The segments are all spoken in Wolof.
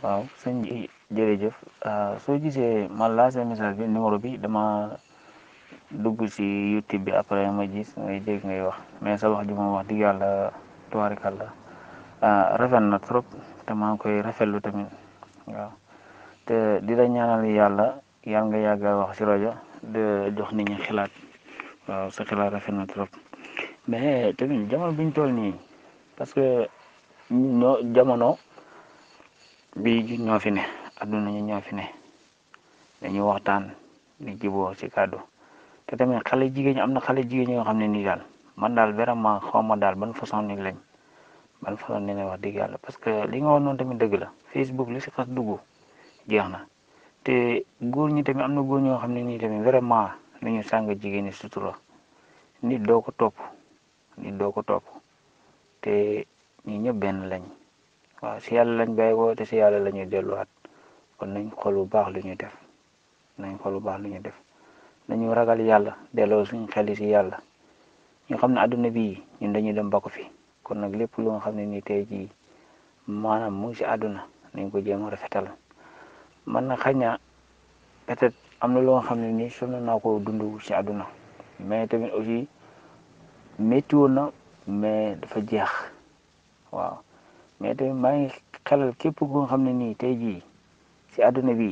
waaw sëñ bi jërëjëf ah, soo gisee man laa seen message bi numéro bi dama dugg si YouTube bi après ma gis ngay dégg ngay wax mais sa wax ji moom wax dëgg yàlla tubaarikàlla ah, rafet na trop te maa ngi koy rafetlu tamit waaw te di la ñaanal yàlla yàlla nga yàgg wax si rajo de jox nit ñi waaw sa xalaat rafet na trop mais tamit jamono biñ toll nii parce ñoo jamono. bii ju ñoo fi ne adduna ñu ñoo fi ne dañuy waxtaan ni jiboo ci kàddu te tamit xale jigéen ñi am na xale jigéen ñi nga xam ne nii daal man daal verament xaw ma daal ban façon ni lañ ban façon ni ne wax dëgg yàlla parce que li nga wax noonu tamit dëgg la Facebook li si xas dugg jeex na te góor ñi tamit am na góor ñoo xam ne nii tamit vraiment nañu sàng jigéen ñi sutura nit doo ko topp nit doo ko topp te ñi ñëpp benn lañ waaw si yàlla lañ bàyyi ko te si yàlla la ñuy delluwaat kon nañ xol bu baax lu ñuy def nañ xool bu baax lu ñuy def nañu ragal yàlla delloo suñ xel si yàlla ñu xam ne adduna bi ñun dañuy dem ba fi kon nag lépp lu nga xam ne nii tey jii maanaam mu si àdduna nañ ko jéem a rafetal man na xañ na peut-être am na loo xam ne nii sonn naa ko dund si àdduna mais tamit aussi métti na mais dafa jeex waaw. mais tamit maa ngi xelal képp koo xam ne nii tey jii si àdduna bi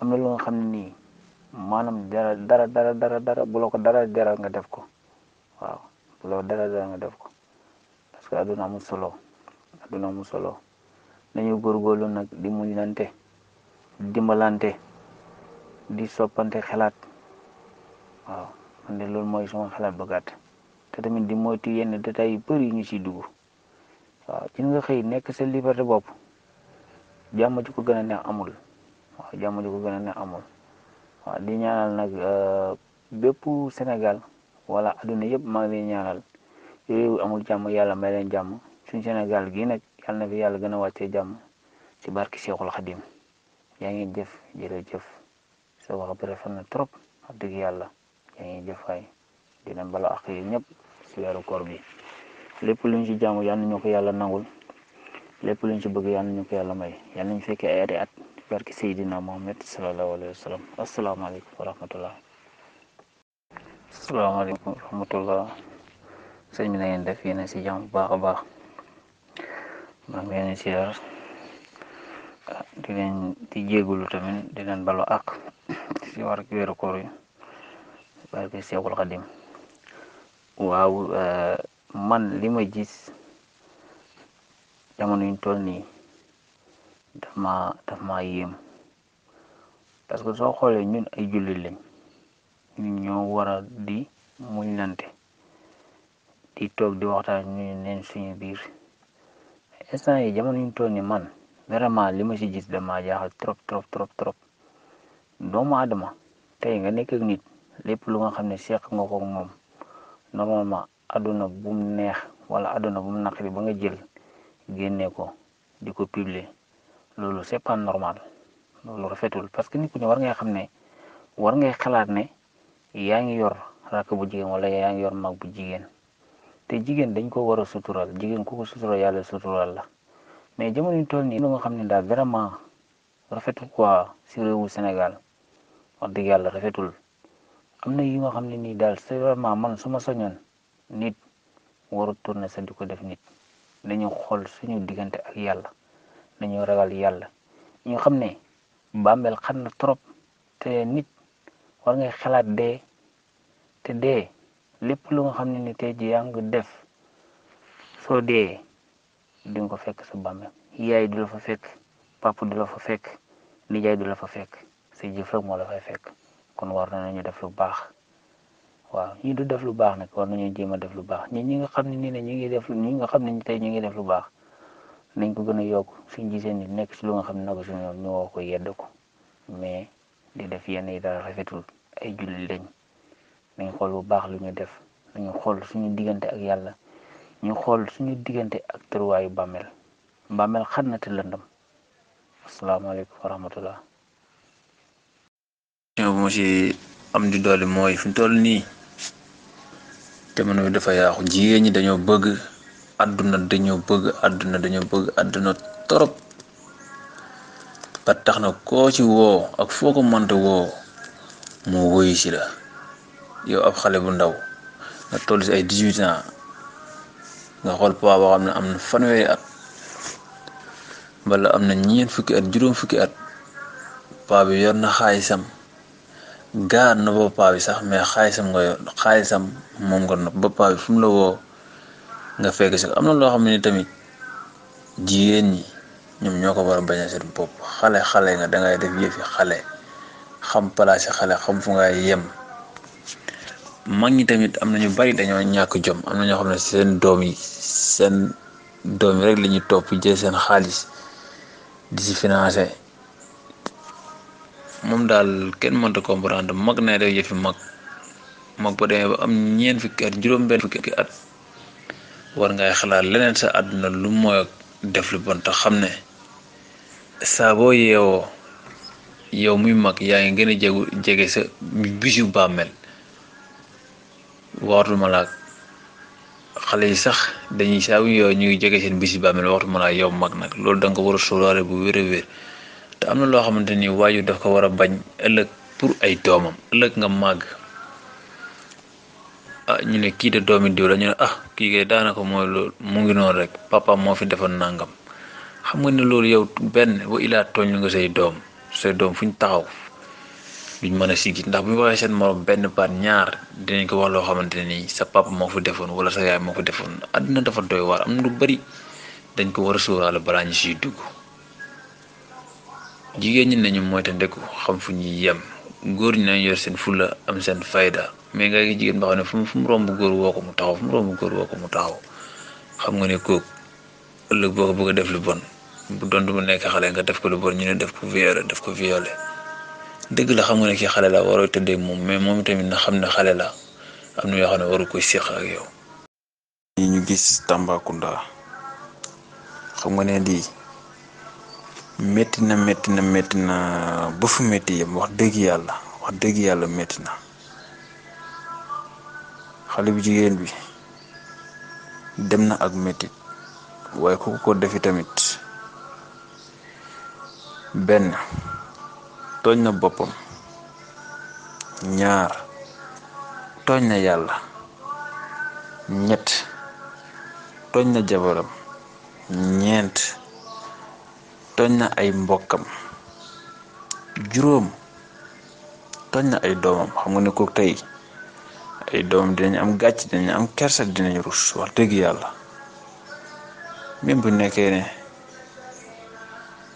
am na loo xam ne nii maanaam dara dara dara dara dara ko dara dara nga def ko waaw bu dara dara nga def ko parce que àdduna amul solo àdduna amul solo nañu góorgóorlu nag di muñlante di dimbalante di soppante xalaat waaw man de loolu mooy sama xalaat bu gàtt te tamit di moytu yenn détails yu bëri yu ñu siy dugg. waaw ci nga xëy nekk sa liberté bopp jàmm ji ko gën a neex amul waaw jàmm ji ko gën a neex amul waaw di ñaanal nag euh, bépp Sénégal wala adduna yëpp maa ngi ñaanal réew amul jàmm yàlla may leen jàmm suñ Sénégal gii nag yàlla yàlla gën a wàccee jàmm ci barki Cheikhul Khadim yaa ngi jëf jërëjëf sa wax bi rafet na trop wax dëgg yàlla yaa ngi jëf waay di leen bala ak yéen ñëpp si weeru koor bi. lépp luñ ci jaamu yal nañu ko yàlla nangul lépp luñ ci bëgg yal nañu ko yàlla may yal ñu fekkee ay ati at barke Seydina Mohamed sallallahu alayhi wa sallam asalaamaaleykum wa rahmatullah asalaamaaleykum wa rahmatullah sëñ bi na ngeen def yéen si jàmm bu baax a baax maa ngi leen si yar ah, di leen di jégalu tamit di leen balo ak si war ak wéeru koor yi barke Seexul Xadim waaw eh, man li ma gis jamono yuñ toll nii daf ma daf parce que soo xoolee ñun ay jullit lañ ñun ñoo war a di muñlante di toog di waxtaan ñu neen suñu biir instant yi jamono yuñ toll ni man vraiment li ma si gis dama jaaxal trop trop trop trop doomu aadama tey nga nekk ak nit lépp lu nga xam ne seq nga ko moom normalement aduna bum neex wala aduna bum naqari ba nga jël génne ko di ko publier loolu c'est pas normal loolu rafetul parce que nit ku ne war ngay xam ne war ngay xalaat ne yaa ngi yor rakk bu jigéen wala yaa ngi yor mag bu jigéen te jigéen dañ ko war sutural jigéen ko sutural yàlla sutural la mais jamono yu toll nii lu nga xam ne daal vraiment rafetul quoi si réewu Sénégal wax dëgg yàlla rafetul am na yu nga xam ne nii daal c'est vraiment man su ma soñoon nit waru tourné sa di ko def nit dañu xool suñu diggante ak yàlla dañu ragal yàlla ñu xam ne bàmmeel xam na trop te nit war ngay xalaat dee te dee lépp lu nga xam ne ni tey ji yaa ngi def soo dee di ko fekk sa bàmmeel yaay du la fa fekk pap du la fa fekk nijaay du la fa fekk sa jëf rek moo fekk kon war na ñu def lu baax waaw ñi du def lu baax nag war nañoo jéem a def lu baax ñi ñi nga xam ne nii ne ñi ngi def ñi nga xam ne tey ñu ngi def lu baax nañ ko gën a yokk suñ gisee nit nekk si lu nga xam ne naka suñu ñu woo ko yedd ko mais di def yenn yi dara rafetul ay julli lañ nañ xool bu baax lu ñu def nañu xool suñu diggante ak yàlla ñu xool suñu diggante ak tëruwaayu bàmmeel bàmmeel xat na te lëndam asalaamaaleykum wa rahmatullah. question bu ma si am di doole mooy fi mu toll nii. jamono bi dafa yaaxu jigéen ñi dañoo bëgg àdduna dañoo bëgg àdduna dañoo bëgg àdduna torop ba tax na koo ci woo ak foo ko mënta woo mu wuyu si la yow ab xale bu ndaw nga toll si ay dix-huit nga xool paa boo xam ne am na fanweeri at wala am na ñeent fukki at juróom fukki at paa bi na xaalisam gaar na boppaa bi sax mais xaalisam nga xaalisam moom nga nopp boppaa bi mu la woo nga fekk si am na loo xam ne tamit jigéen ñi ñoom ñoo ko war a bañ a seen bopp xale xale nga dangay def yëfi xale xam palaasi xale xam fu yem mag ñi tamit am na ñu bari dañoo ñàkk jom am na ñoo xam ne seen doom yi seen doom rek la ñuy topp jël seen xaalis di si financé moom daal kenn mënta comprendre mag na def yëfi mag mag ba demee ba am ñeen fukki at juróom benn fukki at war ngay xalaat leneen sa àdduna lu mooy def lu bon te xam ne saa boo yeewoo yow muy mag yaa ngi gën a jegu jege sa bisu bàmmeel waxtu ma laag xale yi sax dañuy saa bu yow ñu ngi jege seen bisu bàmmeel waxtu ma laag yow mag nag loolu da nga ko bu wér a wér te am na loo xamante ni waayu daf ko war a bañ ëllëg pour ay doomam ëllëg nga màgg ah ñu ne kii de doomi diw la ñu ne ah kii kay daanaka mooy loolu mu ngi noonu rek papa moo fi defoon nangam xam nga ni loolu yow benn wa ilaa tooñ nga say doom say doom fu ñu taxaw duñ mën a siggi ndax bu ñu waxee seen morom benn baat ñaar dinañ ko wax loo xamante ne nii sa papa moo fi defoon wala sa yaay moo fi defoon àdduna dafa doy waar am lu bari dañ ko war a balaa ñu siy dugg. jigéen ñi nañu moytandeku xam fu ñuy yem góor ñi nañu yor seen fulla am seen fayda mais nga gi jigéen ba xam ne fu mu fu mu romb góor woo ko mu taxaw fu góor woo ko mu taxaw xam nga ne kooku ëllëg boo ko bëgg def lu bon bu doon du nekk xale nga def ko lu bon ñu ne def ko violé def ko violé dëgg la xam nga ne kii xale la waroo tëddee moom mais moom itamit na xam ne xale la am na yoo xam ne waru koy séq ak yow. yi ñu gis Tambacounda xam nga ne lii métti na métti na métti na ba fu métti yem wax dëgg yàlla wax dëgg yàlla metti na xale bu jigéen bi dem na ak métti waaye ku ko defi tamit benn tooñ na boppam ñaar tooñ na yàlla ñett tooñ na jabaram ñeent tooñ na ay mbokkam juróom toñ na ay doomam xam nga ne ko tey ay doomam dinañ am gàcc dinañ am kersa dinañ rus wax dëgg yàlla même bu nekkee ne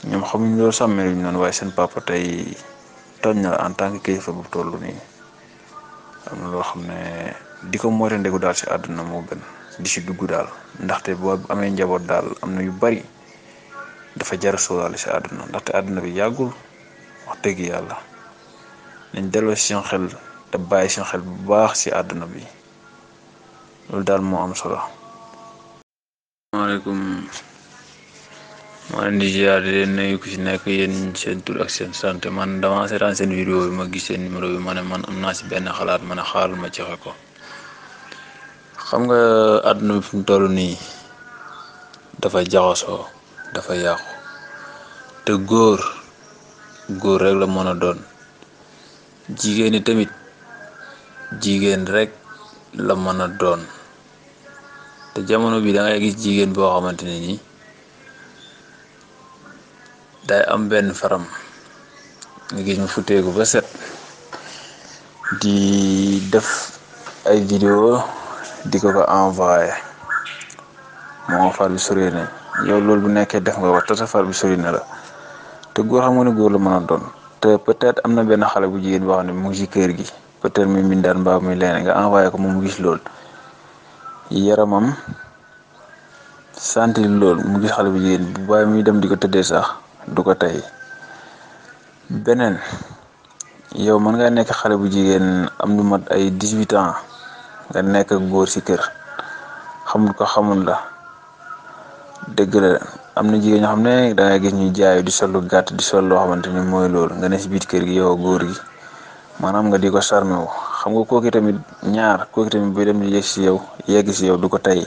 ñoom xamuñ loolu sàmmee luñ noonu waaye seen papa tey tooñ na la en tant que kilifa bu toll nii am na loo xam ne di ko moytandiku daal si àdduna moo gën di si dugg daal ndaxte boo amee njaboot daal am na yu bari dafa jar sóoraale si àdduna ndaxte àdduna bi yàggul wax dëgg yàlla nañ delloo si seen xel bàyyi seen xel bu baax si àdduna bi loolu daal moo am solo. maaleykum maa di ziar di leen ku ci nekk yéen seen seen sant man dama seetaan ma gis numéro bi ma man am naa si benn xalaat ma ne xaaral ma joxe ko xam nga àdduna bi fi mu toll nii dafa jaxasoo dafa yàqu te góor góor rek la mën a doon jigéen ni tamit jigéen rek la mën a doon te jamono bi da ngay gis jigéen boo xamante ne nii day am benn faram nga gis mu futeeku ba set di def ay vidéo di ko ko envoyé moo far bi sori yow loolu bu nekkee def nga ko te sa far bi sori na la te góor xam nga ne góor la mën a doon te peut-être am na benn xale bu jigéen boo xam ne mu ngi ci kër gi peut-être muy mindaan mbaa muy leen nga envoyé ko moom mu gis loolu yaramam sentir loolu mu gis xale bu jigéen bu bàyyi muy dem di ko tëddee sax du ko tey beneen yow mën nga nekk xale bu jigéen am lu mat ay dix-huit ans nga nekk góor si kër xamul ko xamul la dëgg la am na jigéen ñoo xam ne dangay gis ñuy jaayu di sol lu gàtt di sol loo xamante ni mooy loolu nga ne si biir kër gi yow góor gi maanaam nga di ko charmé wu xam nga kooki tamit ñaar kooki tamit buy dem di si yow yegg si yow du ko tey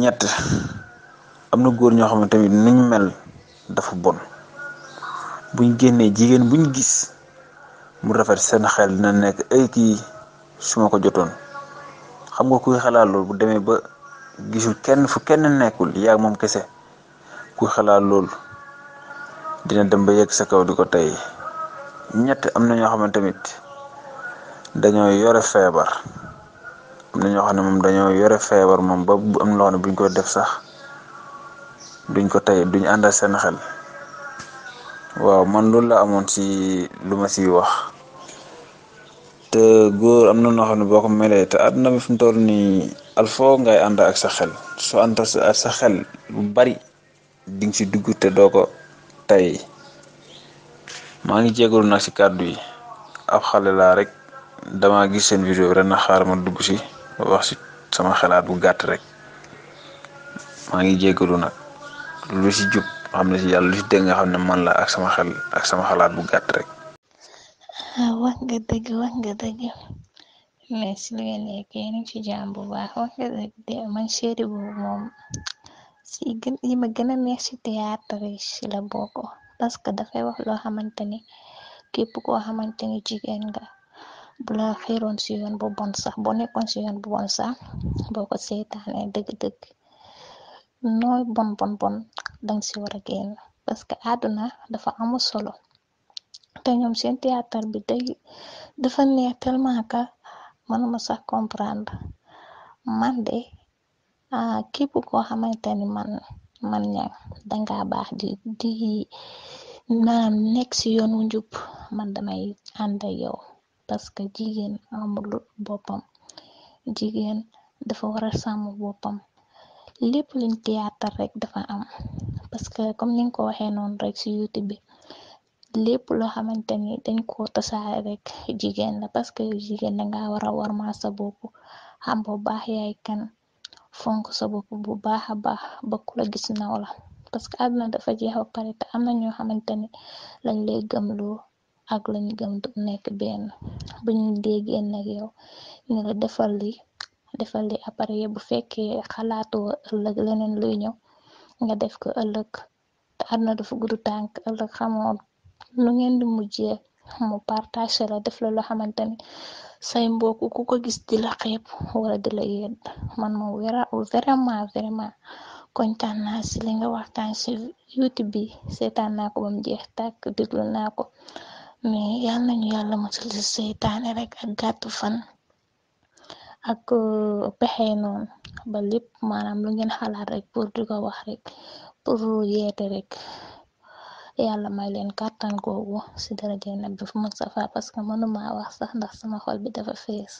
ñett am na góor ñoo xam ne tamit nuñ mel dafa bon buñ génnee jigéen buñ gis mu rafet seen xel dina nekk ay kii su ko jotoon xam nga kuy xalaat loolu bu demee ba. gisul kenn fu kenn nekkul yaa moom kese ku xalaat loolu dina dem ba yeg sa kaw di ko tey ñett am na ñoo xam tamit dañoo yore feebar am na ñoo xam ne moom dañoo yore feebar moom ba am loo xam buñ ko def sax duñ ko tey duñ àndal seen xel waaw man loolu la amoon si lu ma ciy wax te góor am na noo xam ne boo ko melee te àdduna bi fi mu nii. al foo ngay ànd ak sa xel su ànd ak sa xel lu bari di nga si dugg te doo ko tay maa ngi jégalu nag si kàddu yi ab xale laa rek dama gis seen vidéo ren na xaar ma dugg si wax si sama xalaat bu gàtt rek maa ngi jégalu nag lu si jub xam ne si yàlla lu si dégg nga xam ne man la ak sama xel ak sama xalaat bu gàtt rek. Ah, Mesliwen ak yeneen ci jàmm bu baax waxe dëgg de man série bu moom ci yi ma gën a neex si théâtre ci la bokk parce que dafay wax loo xamante ni képp koo xamante ni jigéen nga bula xeroon xiiroon ci yoon bu bon sax boo nekkoon ci yoon bu bon sax boo ko seetaanee eh, dëgg-dëgg nooy bon bon bon dang si war a génn parce que àdduna dafa amul solo te ñoom seen théâtre bi day dafa neex tellement manuma sax comprendre man de ah, képp koo xamante ni man man ñang danga baax di di maanaam nekk ci yoon wu njub man damay ànd ak yow parce que jigéen amul boppam jigéen dafa war a sàmm boppam lépp luñ tiyaatar rek dafa am parce que comme ni nga ko waxee noon rek ci YouTube bi. lépp loo xamante ni dañ koo tasaare rek jigéen la parce que jigéen danga wara warmaal sa bopp xam bu baax yaay kan fonk sa bu baax a baax ba a la gis naw la parce que àdduna dafa jeex ba pare te am na ñoo xamante ni lañ lay gëmloo ak lañ gëm nekk benn bu ñu déggee nag yow ñu la defal li defal li appareil bu fekkee xalaatoo ëllëg leneen luy ñëw nga def ko ëllëg te àdduna dafa gudd tànk ëllëg xamoo lu ngeen di mujjee mu partagé la def la loo xamante ni say mbokk ku ko gis di la xeeb wala di la yedd man moom vraiment vraiment kontaan naa si li nga waxtaan si youtube bi seetaan naa ko ba jeex tàkk déglu naa ko mais yal nañu yàlla musal si seytaane rek ak gàttu fan ak euh, pexe noonu ba lépp maanaam lu ngeen xalaat rek pour di ko wax rek pour yeete rek te yàlla may leen kàttan googu ci daraja Nabi Mustafa parce que mënuma wax sax ndax sama xol bi dafa fees.